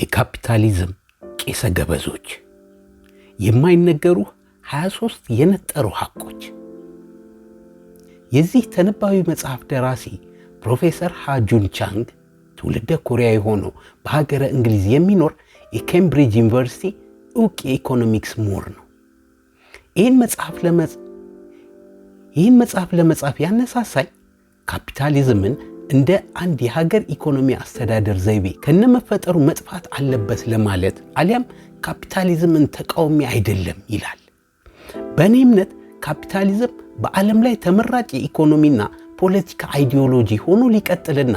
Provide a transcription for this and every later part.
የካፒታሊዝም ቄሰ ገበዞች የማይነገሩ 23 የነጠሩ ሐቆች። የዚህ ተነባቢ መጽሐፍ ደራሲ ፕሮፌሰር ሃጁን ቻንግ ትውልደ ኮሪያ የሆነው በሀገረ እንግሊዝ የሚኖር የኬምብሪጅ ዩኒቨርሲቲ እውቅ የኢኮኖሚክስ ምሁር ነው። ይህን መጽሐፍ ለመጻፍ ያነሳሳኝ ካፒታሊዝምን እንደ አንድ የሀገር ኢኮኖሚ አስተዳደር ዘይቤ ከነመፈጠሩ መጥፋት አለበት ለማለት አሊያም ካፒታሊዝምን ተቃውሚ አይደለም ይላል። በእኔ እምነት ካፒታሊዝም በዓለም ላይ ተመራጭ የኢኮኖሚና ፖለቲካ አይዲዮሎጂ ሆኖ ሊቀጥልና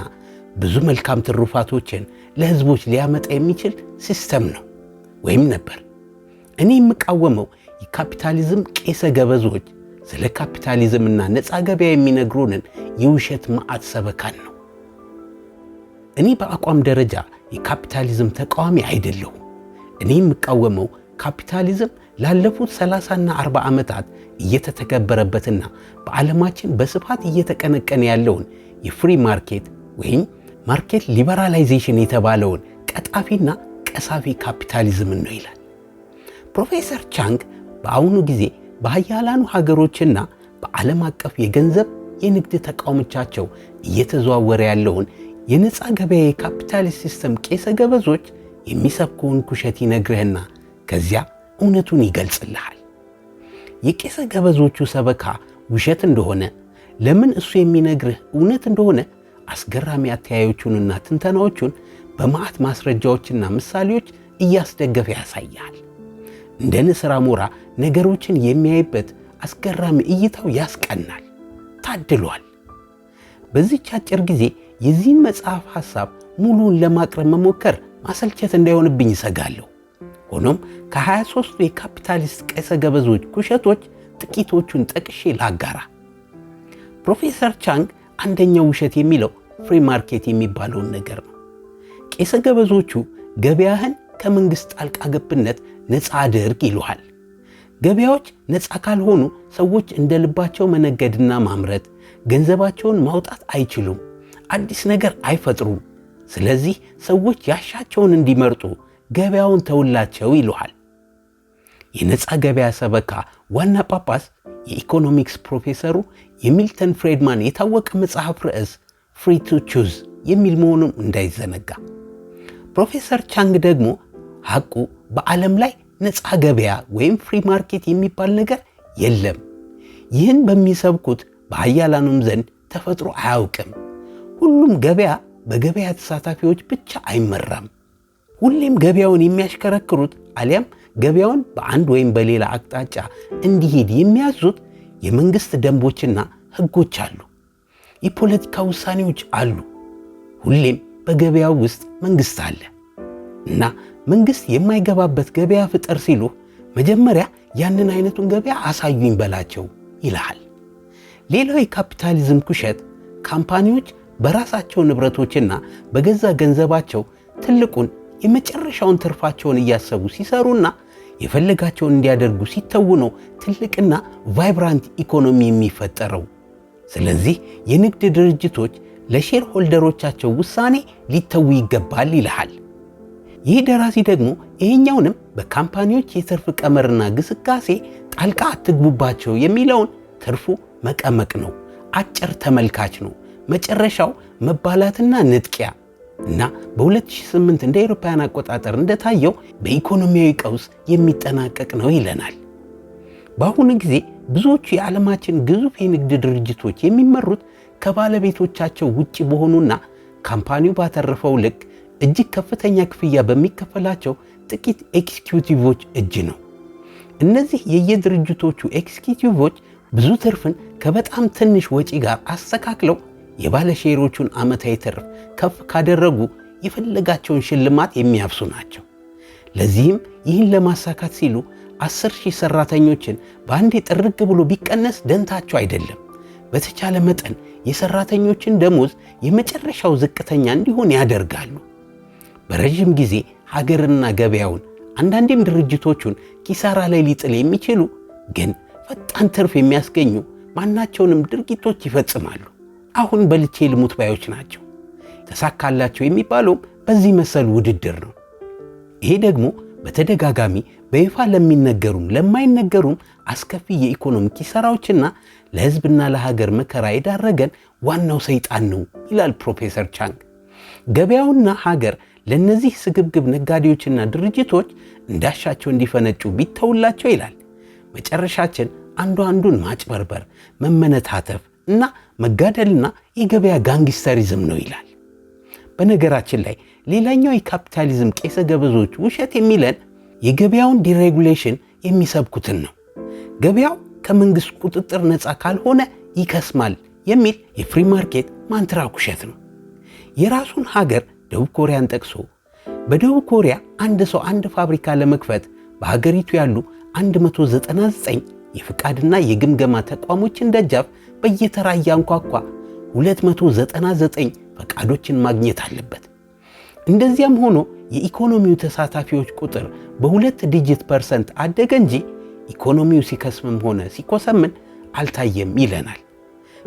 ብዙ መልካም ትሩፋቶችን ለህዝቦች ሊያመጣ የሚችል ሲስተም ነው ወይም ነበር። እኔ የምቃወመው የካፒታሊዝም ቄሰ ገበዞች ስለ ካፒታሊዝምና ነፃ ገበያ የሚነግሩንን የውሸት መዓት ሰበካን ነው። እኔ በአቋም ደረጃ የካፒታሊዝም ተቃዋሚ አይደለሁም። እኔ የምቃወመው ካፒታሊዝም ላለፉት 30ና 40 ዓመታት እየተተገበረበትና በዓለማችን በስፋት እየተቀነቀነ ያለውን የፍሪ ማርኬት ወይም ማርኬት ሊበራላይዜሽን የተባለውን ቀጣፊና ቀሳፊ ካፒታሊዝምን ነው ይላል ፕሮፌሰር ቻንግ በአሁኑ ጊዜ በሀያላኑ ሀገሮችና በዓለም አቀፍ የገንዘብ የንግድ ተቋሞቻቸው እየተዘዋወረ ያለውን የነፃ ገበያ የካፒታሊስት ሲስተም ቄሰ ገበዞች የሚሰብከውን ኩሸት ይነግርህና ከዚያ እውነቱን ይገልጽልሃል። የቄሰ ገበዞቹ ሰበካ ውሸት እንደሆነ ለምን እሱ የሚነግርህ እውነት እንደሆነ አስገራሚ አተያዮቹንና ትንተናዎቹን በመዓት ማስረጃዎችና ምሳሌዎች እያስደገፈ ያሳያል። እንደ ንስር አሞራ ነገሮችን የሚያይበት አስገራሚ እይታው ያስቀናል። ታድሏል። በዚች አጭር ጊዜ የዚህን መጽሐፍ ሐሳብ ሙሉውን ለማቅረብ መሞከር ማሰልቸት እንዳይሆንብኝ ይሰጋለሁ። ሆኖም ከ23ቱ የካፒታሊስት ቀሰ ገበዞች ውሸቶች ጥቂቶቹን ጠቅሼ ላጋራ። ፕሮፌሰር ቻንግ አንደኛው ውሸት የሚለው ፍሪ ማርኬት የሚባለውን ነገር ነው። ቄሰ ገበዞቹ ገበያህን ከመንግሥት ጣልቃ ገብነት ነፃ አድርግ ይሉሃል። ገበያዎች ነፃ ካልሆኑ ሰዎች እንደ ልባቸው መነገድና ማምረት፣ ገንዘባቸውን ማውጣት አይችሉም፣ አዲስ ነገር አይፈጥሩም። ስለዚህ ሰዎች ያሻቸውን እንዲመርጡ ገበያውን ተውላቸው ይሉሃል። የነፃ ገበያ ሰበካ ዋና ጳጳስ የኢኮኖሚክስ ፕሮፌሰሩ የሚልተን ፍሬድማን የታወቀ መጽሐፍ ርዕስ ፍሪ ቱ ቹዝ የሚል መሆኑም እንዳይዘነጋ። ፕሮፌሰር ቻንግ ደግሞ ሐቁ በዓለም ላይ ነፃ ገበያ ወይም ፍሪ ማርኬት የሚባል ነገር የለም። ይህን በሚሰብኩት በሀያላኑም ዘንድ ተፈጥሮ አያውቅም። ሁሉም ገበያ በገበያ ተሳታፊዎች ብቻ አይመራም። ሁሌም ገበያውን የሚያሽከረክሩት አሊያም ገበያውን በአንድ ወይም በሌላ አቅጣጫ እንዲሄድ የሚያዙት የመንግሥት ደንቦችና ሕጎች አሉ። የፖለቲካ ውሳኔዎች አሉ። ሁሌም በገበያው ውስጥ መንግሥት አለ እና መንግስት የማይገባበት ገበያ ፍጠር ሲሉ መጀመሪያ ያንን አይነቱን ገበያ አሳዩኝ በላቸው ይልሃል። ሌላው የካፒታሊዝም ኩሸት ካምፓኒዎች በራሳቸው ንብረቶችና በገዛ ገንዘባቸው ትልቁን የመጨረሻውን ትርፋቸውን እያሰቡ ሲሰሩና የፈለጋቸውን እንዲያደርጉ ሲተው ነው ትልቅና ቫይብራንት ኢኮኖሚ የሚፈጠረው። ስለዚህ የንግድ ድርጅቶች ለሼር ሆልደሮቻቸው ውሳኔ ሊተዉ ይገባል ይልሃል። ይህ ደራሲ ደግሞ ይሄኛውንም በካምፓኒዎች የትርፍ ቀመርና ግስጋሴ ጣልቃ አትግቡባቸው የሚለውን ትርፉ መቀመቅ ነው። አጭር ተመልካች ነው። መጨረሻው መባላትና ንጥቂያ እና በ2008 እንደ አውሮፓውያን አቆጣጠር እንደታየው በኢኮኖሚያዊ ቀውስ የሚጠናቀቅ ነው ይለናል። በአሁኑ ጊዜ ብዙዎቹ የዓለማችን ግዙፍ የንግድ ድርጅቶች የሚመሩት ከባለቤቶቻቸው ውጭ በሆኑና ካምፓኒው ባተረፈው ልክ እጅግ ከፍተኛ ክፍያ በሚከፈላቸው ጥቂት ኤክስኪዩቲቮች እጅ ነው። እነዚህ የየድርጅቶቹ ኤክስኪዩቲቮች ብዙ ትርፍን ከበጣም ትንሽ ወጪ ጋር አስተካክለው የባለሼሮቹን ዓመታዊ ትርፍ ከፍ ካደረጉ የፈለጋቸውን ሽልማት የሚያብሱ ናቸው። ለዚህም ይህን ለማሳካት ሲሉ አስር ሺህ ሠራተኞችን በአንዴ ጥርግ ብሎ ቢቀነስ ደንታቸው አይደለም። በተቻለ መጠን የሠራተኞችን ደሞዝ የመጨረሻው ዝቅተኛ እንዲሆን ያደርጋሉ። በረዥም ጊዜ ሀገርና ገበያውን አንዳንዴም ድርጅቶቹን ኪሳራ ላይ ሊጥል የሚችሉ ግን ፈጣን ትርፍ የሚያስገኙ ማናቸውንም ድርጊቶች ይፈጽማሉ። አሁን በልቼ ልሙት ባዮች ናቸው። ተሳካላቸው የሚባለውም በዚህ መሰል ውድድር ነው። ይሄ ደግሞ በተደጋጋሚ በይፋ ለሚነገሩም ለማይነገሩም አስከፊ የኢኮኖሚ ኪሳራዎችና ለሕዝብና ለሀገር መከራ የዳረገን ዋናው ሰይጣን ነው ይላል ፕሮፌሰር ቻንግ። ገበያውና ሀገር ለእነዚህ ስግብግብ ነጋዴዎችና ድርጅቶች እንዳሻቸው እንዲፈነጩ ቢተውላቸው ይላል። መጨረሻችን አንዱ አንዱን ማጭበርበር፣ መመነታተፍ እና መጋደልና የገበያ ጋንግስተሪዝም ነው ይላል። በነገራችን ላይ ሌላኛው የካፒታሊዝም ቄሰ ገበዞች ውሸት የሚለን የገበያውን ዲሬጉሌሽን የሚሰብኩትን ነው። ገበያው ከመንግሥት ቁጥጥር ነፃ ካልሆነ ይከስማል የሚል የፍሪ ማርኬት ማንትራክ ውሸት ነው። የራሱን ሀገር ደቡብ ኮሪያን ጠቅሶ በደቡብ ኮሪያ አንድ ሰው አንድ ፋብሪካ ለመክፈት በሀገሪቱ ያሉ 199 የፍቃድና የግምገማ ተቋሞችን ደጃፍ በየተራ እያንኳኳ 299 ፈቃዶችን ማግኘት አለበት። እንደዚያም ሆኖ የኢኮኖሚው ተሳታፊዎች ቁጥር በሁለት ዲጂት ፐርሰንት አደገ እንጂ ኢኮኖሚው ሲከስምም ሆነ ሲኮሰምን አልታየም ይለናል።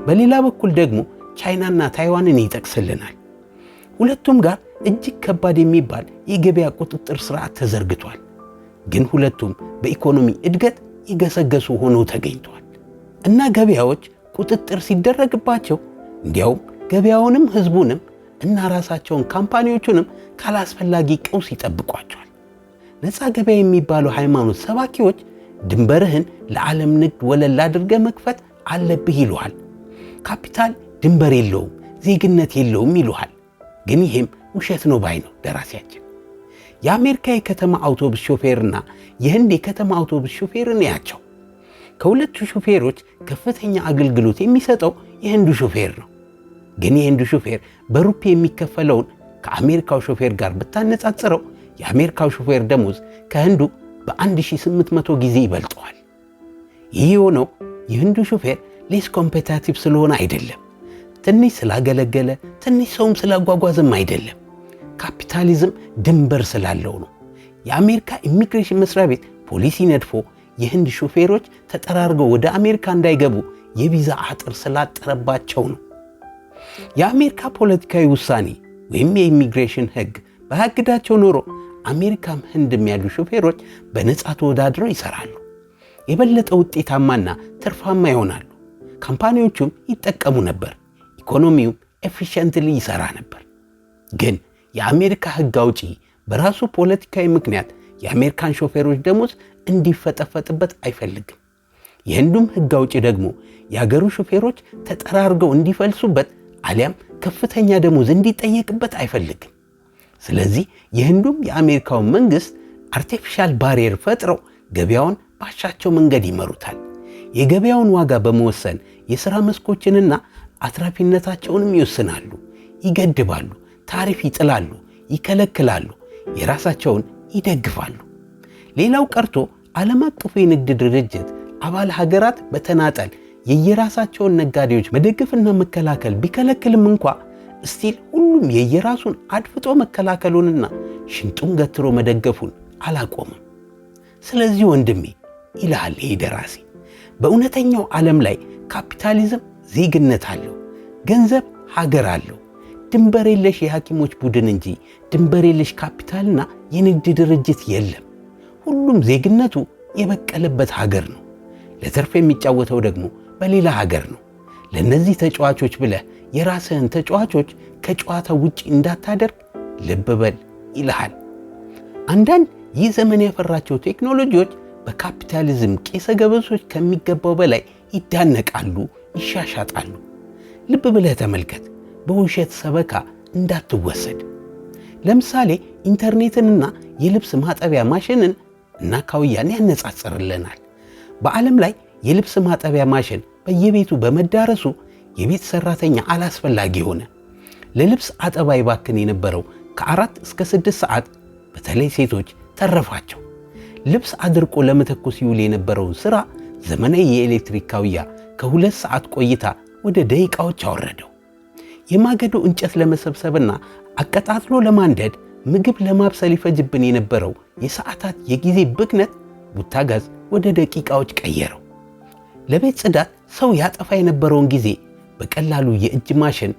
በሌላ በኩል ደግሞ ቻይናና ታይዋንን ይጠቅስልናል። ሁለቱም ጋር እጅግ ከባድ የሚባል የገበያ ቁጥጥር ስርዓት ተዘርግቷል። ግን ሁለቱም በኢኮኖሚ እድገት የገሰገሱ ሆነው ተገኝተዋል እና ገበያዎች ቁጥጥር ሲደረግባቸው እንዲያውም ገበያውንም ህዝቡንም እና ራሳቸውን ካምፓኒዎቹንም ካላስፈላጊ ቀውስ ይጠብቋቸዋል። ነፃ ገበያ የሚባሉ ሃይማኖት ሰባኪዎች ድንበርህን ለዓለም ንግድ ወለል አድርገህ መክፈት አለብህ ይሉሃል። ካፒታል ድንበር የለውም፣ ዜግነት የለውም ይሉሃል። ግን ይሄም ውሸት ነው ባይ ነው ደራሲያችን። የአሜሪካ የከተማ አውቶቡስ ሾፌርና የህንድ የከተማ አውቶቡስ ሾፌርን ያቸው። ከሁለቱ ሾፌሮች ከፍተኛ አገልግሎት የሚሰጠው የህንዱ ሾፌር ነው። ግን የህንዱ ሾፌር በሩፔ የሚከፈለውን ከአሜሪካው ሾፌር ጋር ብታነጻጽረው የአሜሪካው ሾፌር ደሞዝ ከህንዱ በ1800 ጊዜ ይበልጠዋል። ይህ የሆነው የህንዱ ሾፌር ሌስ ኮምፔታቲቭ ስለሆነ አይደለም። ትንሽ ስላገለገለ ትንሽ ሰውም ስላጓጓዝም አይደለም። ካፒታሊዝም ድንበር ስላለው ነው። የአሜሪካ ኢሚግሬሽን መስሪያ ቤት ፖሊሲ ነድፎ የህንድ ሾፌሮች ተጠራርገው ወደ አሜሪካ እንዳይገቡ የቪዛ አጥር ስላጠረባቸው ነው። የአሜሪካ ፖለቲካዊ ውሳኔ ወይም የኢሚግሬሽን ህግ በህግዳቸው ኖሮ አሜሪካም ህንድም ያሉ ሹፌሮች በነፃ ተወዳድረው ይሰራሉ። የበለጠ ውጤታማና ትርፋማ ይሆናሉ። ካምፓኒዎቹም ይጠቀሙ ነበር። ኢኮኖሚውም ኤፊሽንትሊ ይሰራ ነበር። ግን የአሜሪካ ህግ አውጪ በራሱ ፖለቲካዊ ምክንያት የአሜሪካን ሾፌሮች ደሞዝ እንዲፈጠፈጥበት አይፈልግም። የህንዱም ህግ አውጪ ደግሞ የአገሩ ሾፌሮች ተጠራርገው እንዲፈልሱበት አሊያም ከፍተኛ ደሞዝ እንዲጠየቅበት አይፈልግም። ስለዚህ የህንዱም የአሜሪካውን መንግሥት አርቲፊሻል ባሪየር ፈጥረው ገበያውን ባሻቸው መንገድ ይመሩታል። የገበያውን ዋጋ በመወሰን የሥራ መስኮችንና አትራፊነታቸውንም ይወስናሉ፣ ይገድባሉ፣ ታሪፍ ይጥላሉ፣ ይከለክላሉ፣ የራሳቸውን ይደግፋሉ። ሌላው ቀርቶ ዓለም አቀፉ የንግድ ድርጅት አባል ሀገራት በተናጠል የየራሳቸውን ነጋዴዎች መደገፍና መከላከል ቢከለክልም እንኳ እስቲል ሁሉም የየራሱን አድፍጦ መከላከሉንና ሽንጡን ገትሮ መደገፉን አላቆምም። ስለዚህ ወንድሜ ይልሃል ይህ ደራሲ፣ በእውነተኛው ዓለም ላይ ካፒታሊዝም ዜግነት አለው፣ ገንዘብ ሀገር አለው። ድንበር የለሽ የሐኪሞች ቡድን እንጂ ድንበር የለሽ ካፒታልና የንግድ ድርጅት የለም። ሁሉም ዜግነቱ የበቀለበት ሀገር ነው። ለትርፍ የሚጫወተው ደግሞ በሌላ ሀገር ነው። ለእነዚህ ተጫዋቾች ብለህ የራስህን ተጫዋቾች ከጨዋታ ውጭ እንዳታደርግ ልብ በል ይልሃል። አንዳንድ ይህ ዘመን ያፈራቸው ቴክኖሎጂዎች በካፒታሊዝም ቄሰ ገበሶች ከሚገባው በላይ ይዳነቃሉ ይሻሻጣሉ። ልብ ብለህ ተመልከት፣ በውሸት ሰበካ እንዳትወሰድ። ለምሳሌ ኢንተርኔትንና የልብስ ማጠቢያ ማሽንን እና ካውያን ያነጻጽርልናል። በዓለም ላይ የልብስ ማጠቢያ ማሽን በየቤቱ በመዳረሱ የቤት ሰራተኛ አላስፈላጊ ሆነ። ለልብስ አጠባ ይባክን የነበረው ከአራት እስከ ስድስት ሰዓት በተለይ ሴቶች ተረፋቸው። ልብስ አድርቆ ለመተኮስ ይውል የነበረውን ሥራ ዘመናዊ የኤሌክትሪክ ካውያ ከሁለት ሰዓት ቆይታ ወደ ደቂቃዎች አወረደው። የማገዶ እንጨት ለመሰብሰብና አቀጣጥሎ ለማንደድ ምግብ ለማብሰል ይፈጅብን የነበረው የሰዓታት የጊዜ ብክነት ቡታጋዝ ወደ ደቂቃዎች ቀየረው። ለቤት ጽዳት ሰው ያጠፋ የነበረውን ጊዜ በቀላሉ የእጅ ማሽን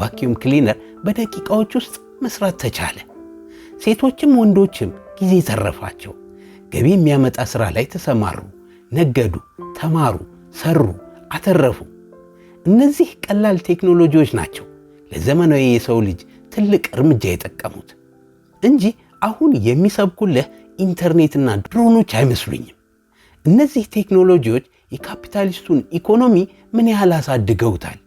ቫኪዩም ክሊነር በደቂቃዎች ውስጥ መስራት ተቻለ። ሴቶችም ወንዶችም ጊዜ ተረፋቸው። ገቢ የሚያመጣ ሥራ ላይ ተሰማሩ፣ ነገዱ፣ ተማሩ፣ ሰሩ፣ አተረፉ። እነዚህ ቀላል ቴክኖሎጂዎች ናቸው ለዘመናዊ የሰው ልጅ ትልቅ እርምጃ የጠቀሙት እንጂ አሁን የሚሰብኩልህ ኢንተርኔትና ድሮኖች አይመስሉኝም። እነዚህ ቴክኖሎጂዎች የካፒታሊስቱን ኢኮኖሚ ምን ያህል አሳድገውታል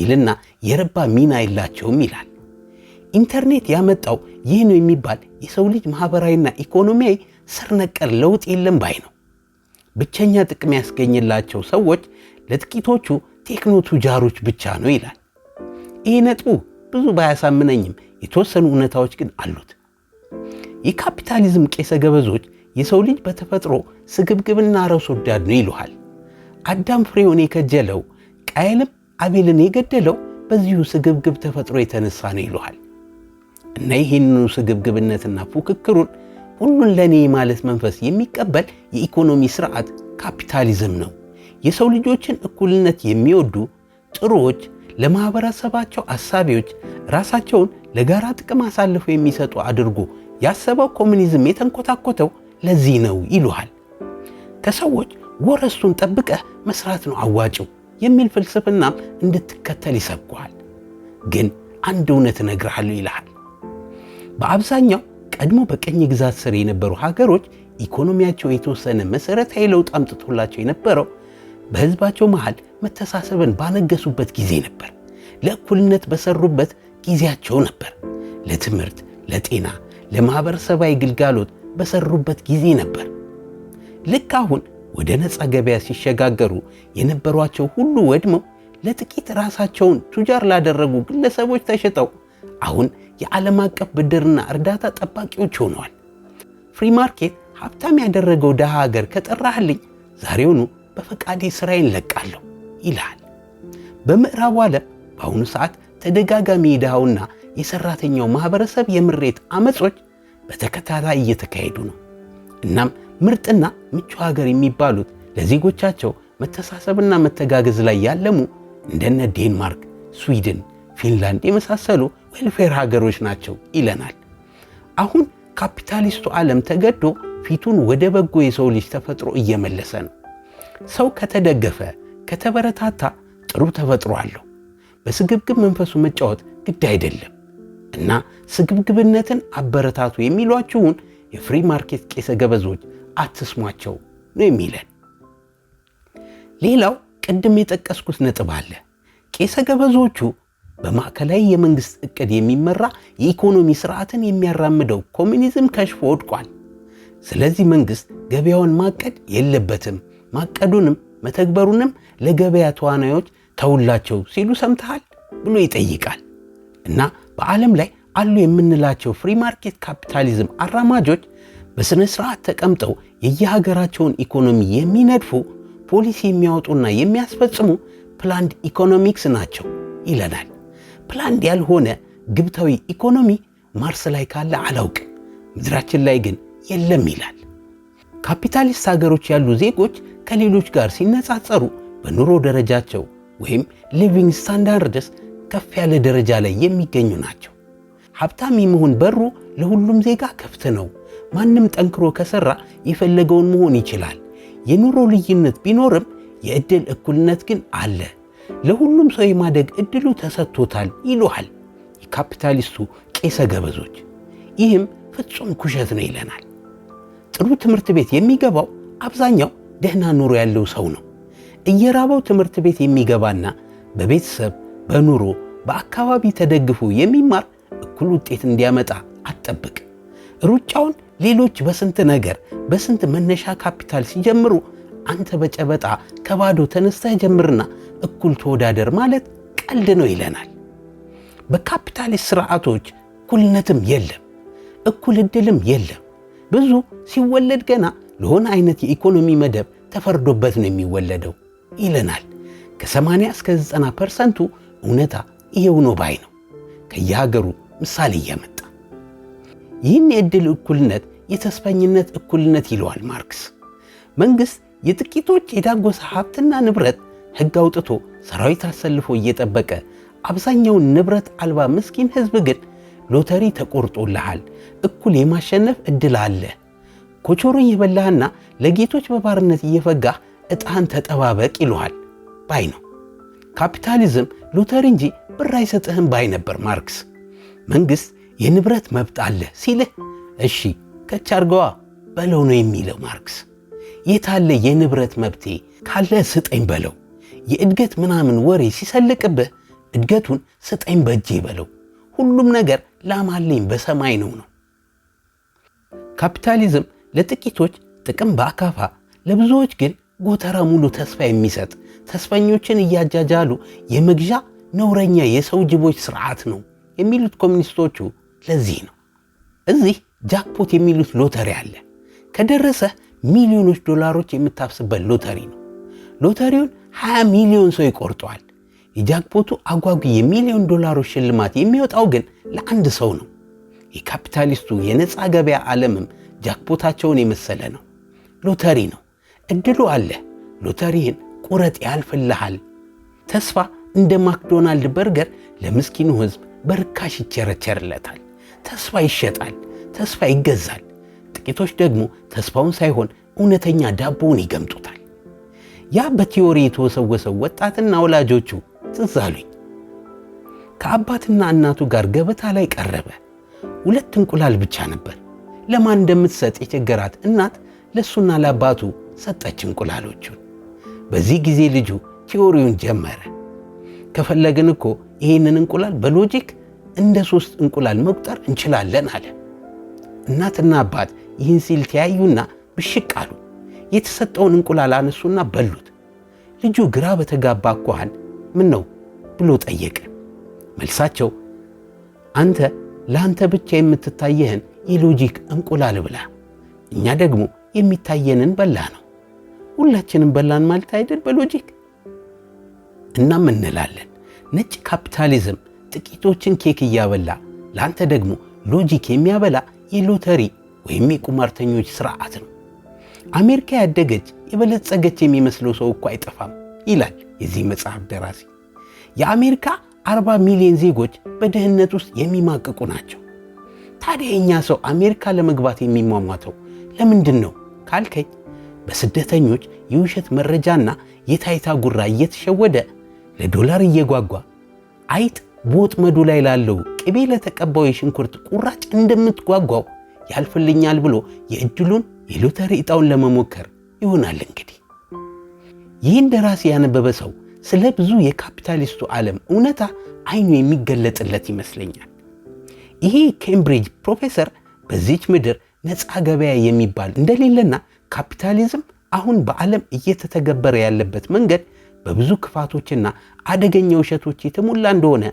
ይልና የረባ ሚና የላቸውም ይላል። ኢንተርኔት ያመጣው ይህ ነው የሚባል የሰው ልጅ ማኅበራዊና ኢኮኖሚያዊ ስር ነቀል ለውጥ የለም ባይ ነው። ብቸኛ ጥቅም ያስገኝላቸው ሰዎች ለጥቂቶቹ ቴክኖ ቱጃሮች ብቻ ነው ይላል። ይህ ነጥቡ ብዙ ባያሳምነኝም የተወሰኑ እውነታዎች ግን አሉት። የካፒታሊዝም ቄሰ ገበዞች የሰው ልጅ በተፈጥሮ ስግብግብና ራስ ወዳድ ነው ይሉሃል። አዳም ፍሬውን የከጀለው ቃየልም አቤልን የገደለው በዚሁ ስግብግብ ተፈጥሮ የተነሳ ነው ይሉሃል። እና ይህንኑ ስግብግብነትና ፉክክሩን ሁሉን ለእኔ ማለት መንፈስ የሚቀበል የኢኮኖሚ ስርዓት ካፒታሊዝም ነው። የሰው ልጆችን እኩልነት የሚወዱ ጥሩዎች፣ ለማህበረሰባቸው አሳቢዎች፣ ራሳቸውን ለጋራ ጥቅም አሳልፈው የሚሰጡ አድርጎ ያሰበው ኮሚኒዝም የተንኮታኮተው ለዚህ ነው ይሉሃል። ከሰዎች ወረሱን ጠብቀህ መስራት ነው አዋጭው የሚል ፍልስፍናም እንድትከተል ይሰብኳል። ግን አንድ እውነት እነግርሃለሁ ይልሃል። በአብዛኛው ቀድሞ በቀኝ ግዛት ስር የነበሩ ሀገሮች ኢኮኖሚያቸው የተወሰነ መሰረታዊ ለውጥ አምጥቶላቸው የነበረው በህዝባቸው መሃል መተሳሰብን ባነገሱበት ጊዜ ነበር። ለእኩልነት በሰሩበት ጊዜያቸው ነበር። ለትምህርት፣ ለጤና፣ ለማኅበረሰባዊ ግልጋሎት በሰሩበት ጊዜ ነበር። ልክ አሁን ወደ ነፃ ገበያ ሲሸጋገሩ የነበሯቸው ሁሉ ወድመው ለጥቂት ራሳቸውን ቱጃር ላደረጉ ግለሰቦች ተሽጠው አሁን የዓለም አቀፍ ብድርና እርዳታ ጠባቂዎች ሆነዋል። ፍሪ ማርኬት ሀብታም ያደረገው ድሃ ሀገር ከጠራህልኝ ዛሬውኑ በፈቃዴ እስራኤል ለቃለሁ ይልሃል። በምዕራቡ ዓለም በአሁኑ ሰዓት ተደጋጋሚ የድሃውና የሠራተኛው ማኅበረሰብ የምሬት አመጾች በተከታታይ እየተካሄዱ ነው። እናም ምርጥና ምቹ ሀገር የሚባሉት ለዜጎቻቸው መተሳሰብና መተጋገዝ ላይ ያለሙ እንደነ ዴንማርክ፣ ስዊድን፣ ፊንላንድ የመሳሰሉ ዌልፌር ሀገሮች ናቸው ይለናል። አሁን ካፒታሊስቱ ዓለም ተገዶ ፊቱን ወደ በጎ የሰው ልጅ ተፈጥሮ እየመለሰ ነው። ሰው ከተደገፈ ከተበረታታ ጥሩ ተፈጥሮ አለው። በስግብግብ መንፈሱ መጫወት ግድ አይደለም እና ስግብግብነትን አበረታቱ የሚሏችሁን የፍሪ ማርኬት ቄሰ ገበዞች አትስሟቸው ነው የሚለን። ሌላው ቅድም የጠቀስኩት ነጥብ አለ። ቄሰ ገበዞቹ በማዕከላዊ የመንግሥት እቅድ የሚመራ የኢኮኖሚ ስርዓትን የሚያራምደው ኮሚኒዝም ከሽፎ ወድቋል። ስለዚህ መንግሥት ገበያውን ማቀድ የለበትም ማቀዱንም መተግበሩንም ለገበያ ተዋናዮች ተውላቸው ሲሉ ሰምተሃል ብሎ ይጠይቃል። እና በዓለም ላይ አሉ የምንላቸው ፍሪ ማርኬት ካፒታሊዝም አራማጆች በሥነ ሥርዓት ተቀምጠው የየሀገራቸውን ኢኮኖሚ የሚነድፉ ፖሊሲ የሚያወጡና የሚያስፈጽሙ ፕላንድ ኢኮኖሚክስ ናቸው ይለናል። ፕላንድ ያልሆነ ግብታዊ ኢኮኖሚ ማርስ ላይ ካለ አላውቅም፣ ምድራችን ላይ ግን የለም ይላል። ካፒታሊስት ሀገሮች ያሉ ዜጎች ከሌሎች ጋር ሲነጻጸሩ በኑሮ ደረጃቸው ወይም ሊቪንግ ስታንዳርድስ ከፍ ያለ ደረጃ ላይ የሚገኙ ናቸው። ሀብታም የመሆን በሩ ለሁሉም ዜጋ ክፍት ነው። ማንም ጠንክሮ ከሰራ የፈለገውን መሆን ይችላል። የኑሮ ልዩነት ቢኖርም የእድል እኩልነት ግን አለ። ለሁሉም ሰው የማደግ እድሉ ተሰጥቶታል ይሉሃል የካፒታሊስቱ ቄሰ ገበዞች። ይህም ፍጹም ኩሸት ነው ይለናል። ጥሩ ትምህርት ቤት የሚገባው አብዛኛው ደህና ኑሮ ያለው ሰው ነው። እየራበው ትምህርት ቤት የሚገባና በቤተሰብ በኑሮ በአካባቢ ተደግፎ የሚማር እኩል ውጤት እንዲያመጣ አትጠብቅ። ሩጫውን ሌሎች በስንት ነገር በስንት መነሻ ካፒታል ሲጀምሩ አንተ በጨበጣ ከባዶ ተነስተህ ጀምርና እኩል ተወዳደር ማለት ቀልድ ነው ይለናል። በካፒታሊስት ስርዓቶች እኩልነትም የለም፣ እኩል እድልም የለም። ብዙ ሲወለድ ገና ለሆነ አይነት የኢኮኖሚ መደብ ተፈርዶበት ነው የሚወለደው ይለናል። ከ80 እስከ 90 ፐርሰንቱ እውነታ ይሄው ነው ባይ ነው። ከየሀገሩ ምሳሌ እያመጣ ይህን የእድል እኩልነት የተስፈኝነት እኩልነት ይለዋል ማርክስ። መንግሥት የጥቂቶች የዳጎሰ ሀብትና ንብረት ሕግ አውጥቶ ሰራዊት አሰልፎ እየጠበቀ አብዛኛውን ንብረት አልባ ምስኪን ሕዝብ ግን ሎተሪ ተቆርጦልሃል፣ እኩል የማሸነፍ ዕድል አለ ኮቾሮን እየበላህና ለጌቶች በባርነት እየፈጋህ እጣን ተጠባበቅ ይለሃል ባይ ነው። ካፒታሊዝም ሉተር እንጂ ብር አይሰጥህም ባይ ነበር ማርክስ። መንግሥት የንብረት መብት አለ ሲልህ እሺ ከች አርገዋ በለው ነው የሚለው ማርክስ። አለ የንብረት መብቴ ካለ ስጠኝ በለው። የእድገት ምናምን ወሬ ሲሰልቅብህ እድገቱን ስጠኝ በእጄ በለው። ሁሉም ነገር ላማለኝ በሰማይ ነው ነው ካፒታሊዝም ለጥቂቶች ጥቅም በአካፋ ለብዙዎች ግን ጎተራ ሙሉ ተስፋ የሚሰጥ ተስፈኞችን እያጃጃሉ የመግዣ ነውረኛ የሰው ጅቦች ስርዓት ነው የሚሉት ኮሚኒስቶቹ ለዚህ ነው። እዚህ ጃክፖት የሚሉት ሎተሪ አለ። ከደረሰ ሚሊዮኖች ዶላሮች የምታፍስበት ሎተሪ ነው። ሎተሪውን 20 ሚሊዮን ሰው ይቆርጠዋል። የጃክፖቱ አጓጊ የሚሊዮን ዶላሮች ሽልማት የሚወጣው ግን ለአንድ ሰው ነው። የካፒታሊስቱ የነፃ ገበያ ዓለምም ጃክፖታቸውን የመሰለ ነው። ሎተሪ ነው። እድሉ አለ። ሎተሪህን ቁረጥ፣ ያልፍልሃል። ተስፋ እንደ ማክዶናልድ በርገር ለምስኪኑ ሕዝብ በርካሽ ይቸረቸርለታል። ተስፋ ይሸጣል። ተስፋ ይገዛል። ጥቂቶች ደግሞ ተስፋውን ሳይሆን እውነተኛ ዳቦውን ይገምጡታል። ያ በቲዎሪ የተወሰወሰው ወጣትና ወላጆቹ ትዝ አሉኝ። ከአባትና እናቱ ጋር ገበታ ላይ ቀረበ። ሁለት እንቁላል ብቻ ነበር። ለማን እንደምትሰጥ የቸገራት እናት ለእሱና ለአባቱ ሰጠች እንቁላሎቹን። በዚህ ጊዜ ልጁ ቲዎሪውን ጀመረ። ከፈለግን እኮ ይህንን እንቁላል በሎጂክ እንደ ሶስት እንቁላል መቁጠር እንችላለን አለ። እናትና አባት ይህን ሲል ተያዩና ብሽቅ አሉ። የተሰጠውን እንቁላል አነሱና በሉት። ልጁ ግራ በተጋባ አኳኋን ምን ነው ብሎ ጠየቀ። መልሳቸው አንተ ለአንተ ብቻ የምትታየህን የሎጂክ እንቁላል ብላ፣ እኛ ደግሞ የሚታየንን በላ ነው። ሁላችንም በላን ማለት አይደል? በሎጂክ እናም እንላለን ነጭ ካፒታሊዝም ጥቂቶችን ኬክ እያበላ ለአንተ ደግሞ ሎጂክ የሚያበላ የሎተሪ ወይም የቁማርተኞች ስርዓት ነው። አሜሪካ ያደገች የበለጸገች የሚመስለው ሰው እኮ አይጠፋም ይላል የዚህ መጽሐፍ ደራሲ። የአሜሪካ 40 ሚሊዮን ዜጎች በድህነት ውስጥ የሚማቅቁ ናቸው። ታዲያ የእኛ ሰው አሜሪካ ለመግባት የሚሟሟተው ለምንድን ነው ካልከኝ በስደተኞች የውሸት መረጃና የታይታ ጉራ እየተሸወደ ለዶላር እየጓጓ አይጥ በወጥመዱ ላይ ላለው ቅቤ ለተቀባው የሽንኩርት ቁራጭ እንደምትጓጓው ያልፍልኛል ብሎ የእድሉን የሎተሪ ዕጣውን ለመሞከር ይሆናል እንግዲህ ይህን ደራሲ ያነበበ ሰው ስለ ብዙ የካፒታሊስቱ ዓለም እውነታ አይኑ የሚገለጥለት ይመስለኛል። ይሄ ኬምብሪጅ ፕሮፌሰር በዚች ምድር ነፃ ገበያ የሚባል እንደሌለና ካፒታሊዝም አሁን በዓለም እየተተገበረ ያለበት መንገድ በብዙ ክፋቶችና አደገኛ ውሸቶች የተሞላ እንደሆነ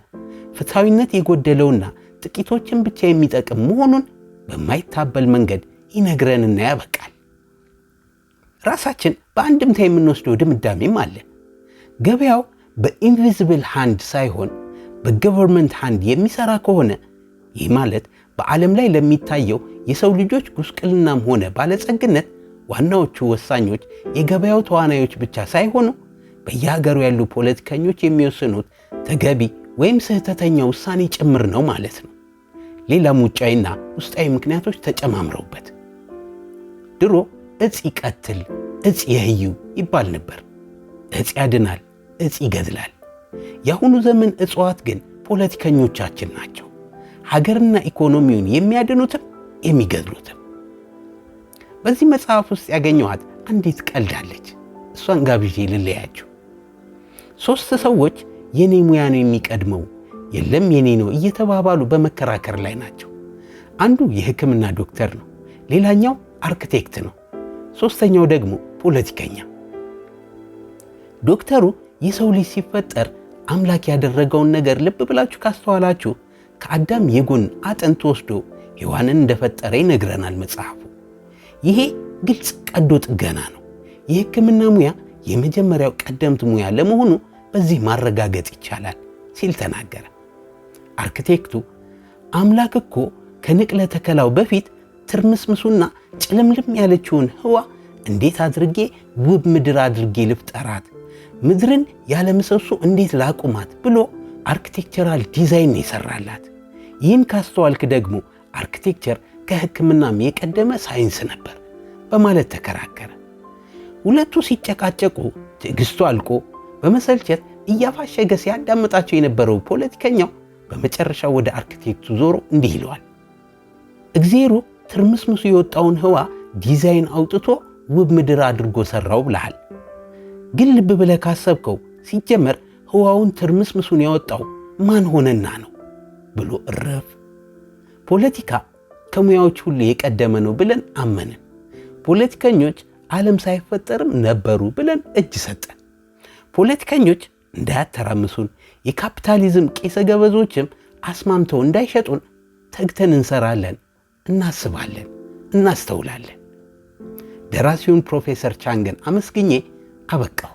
ፍትሐዊነት የጎደለውና ጥቂቶችን ብቻ የሚጠቅም መሆኑን በማይታበል መንገድ ይነግረንና ያበቃል። ራሳችን በአንድምታ የምንወስደው ድምዳሜም አለን። ገበያው በኢንቪዚብል ሃንድ ሳይሆን በገቨርንመንት ሃንድ የሚሰራ ከሆነ ይህ ማለት በዓለም ላይ ለሚታየው የሰው ልጆች ጉስቅልናም ሆነ ባለጸግነት ዋናዎቹ ወሳኞች የገበያው ተዋናዮች ብቻ ሳይሆኑ በየሀገሩ ያሉ ፖለቲከኞች የሚወስኑት ተገቢ ወይም ስህተተኛ ውሳኔ ጭምር ነው ማለት ነው። ሌላም ውጫዊና ውስጣዊ ምክንያቶች ተጨማምረውበት። ድሮ እጽ ይቀትል እጽ የህዩ ይባል ነበር። እጽ ያድናል እጽ ይገድላል። የአሁኑ ዘመን እጽዋት ግን ፖለቲከኞቻችን ናቸው። ሀገርና ኢኮኖሚውን የሚያድኑትም የሚገድሉትም። በዚህ መጽሐፍ ውስጥ ያገኘኋት አንዲት ቀልዳለች። እሷን ጋብዤ ልለያችሁ። ሦስት ሰዎች የኔ ሙያ ነው የሚቀድመው፣ የለም የኔ ነው እየተባባሉ በመከራከር ላይ ናቸው። አንዱ የሕክምና ዶክተር ነው፣ ሌላኛው አርክቴክት ነው፣ ሦስተኛው ደግሞ ፖለቲከኛ። ዶክተሩ የሰው ልጅ ሲፈጠር አምላክ ያደረገውን ነገር ልብ ብላችሁ ካስተዋላችሁ ከአዳም የጎን አጥንት ወስዶ ሔዋንን እንደፈጠረ ይነግረናል መጽሐፉ። ይሄ ግልጽ ቀዶ ጥገና ነው። የሕክምና ሙያ የመጀመሪያው ቀደምት ሙያ ለመሆኑ በዚህ ማረጋገጥ ይቻላል ሲል ተናገረ። አርክቴክቱ አምላክ እኮ ከንቅለ ተከላው በፊት ትርምስምሱና ጭልምልም ያለችውን ህዋ እንዴት አድርጌ ውብ ምድር አድርጌ ልፍጠራት ምድርን ያለ ምሰሶ እንዴት ላቁማት ብሎ አርክቴክቸራል ዲዛይን ይሰራላት። ይህን ካስተዋልክ ደግሞ አርክቴክቸር ከሕክምናም የቀደመ ሳይንስ ነበር በማለት ተከራከረ። ሁለቱ ሲጨቃጨቁ ትዕግስቱ አልቆ በመሰልቸት እያፋሸገ ሲያዳምጣቸው የነበረው ፖለቲከኛው በመጨረሻ ወደ አርክቴክቱ ዞሮ እንዲህ ይለዋል። እግዜሩ ትርምስምሱ የወጣውን ህዋ ዲዛይን አውጥቶ ውብ ምድር አድርጎ ሰራው ብለሃል። ግን ልብ ብለህ ካሰብከው ሲጀመር ህዋውን ትርምስምሱን ያወጣው ማን ሆነና ነው ብሎ እረፍ። ፖለቲካ ከሙያዎች ሁሉ የቀደመ ነው ብለን አመንን። ፖለቲከኞች ዓለም ሳይፈጠርም ነበሩ ብለን እጅ ሰጠን። ፖለቲከኞች እንዳያተራምሱን የካፒታሊዝም ቄሰ ገበዞችም አስማምተው እንዳይሸጡን ተግተን እንሰራለን፣ እናስባለን፣ እናስተውላለን። ደራሲውን ፕሮፌሰር ቻንግን አመስግኜ አበቃው።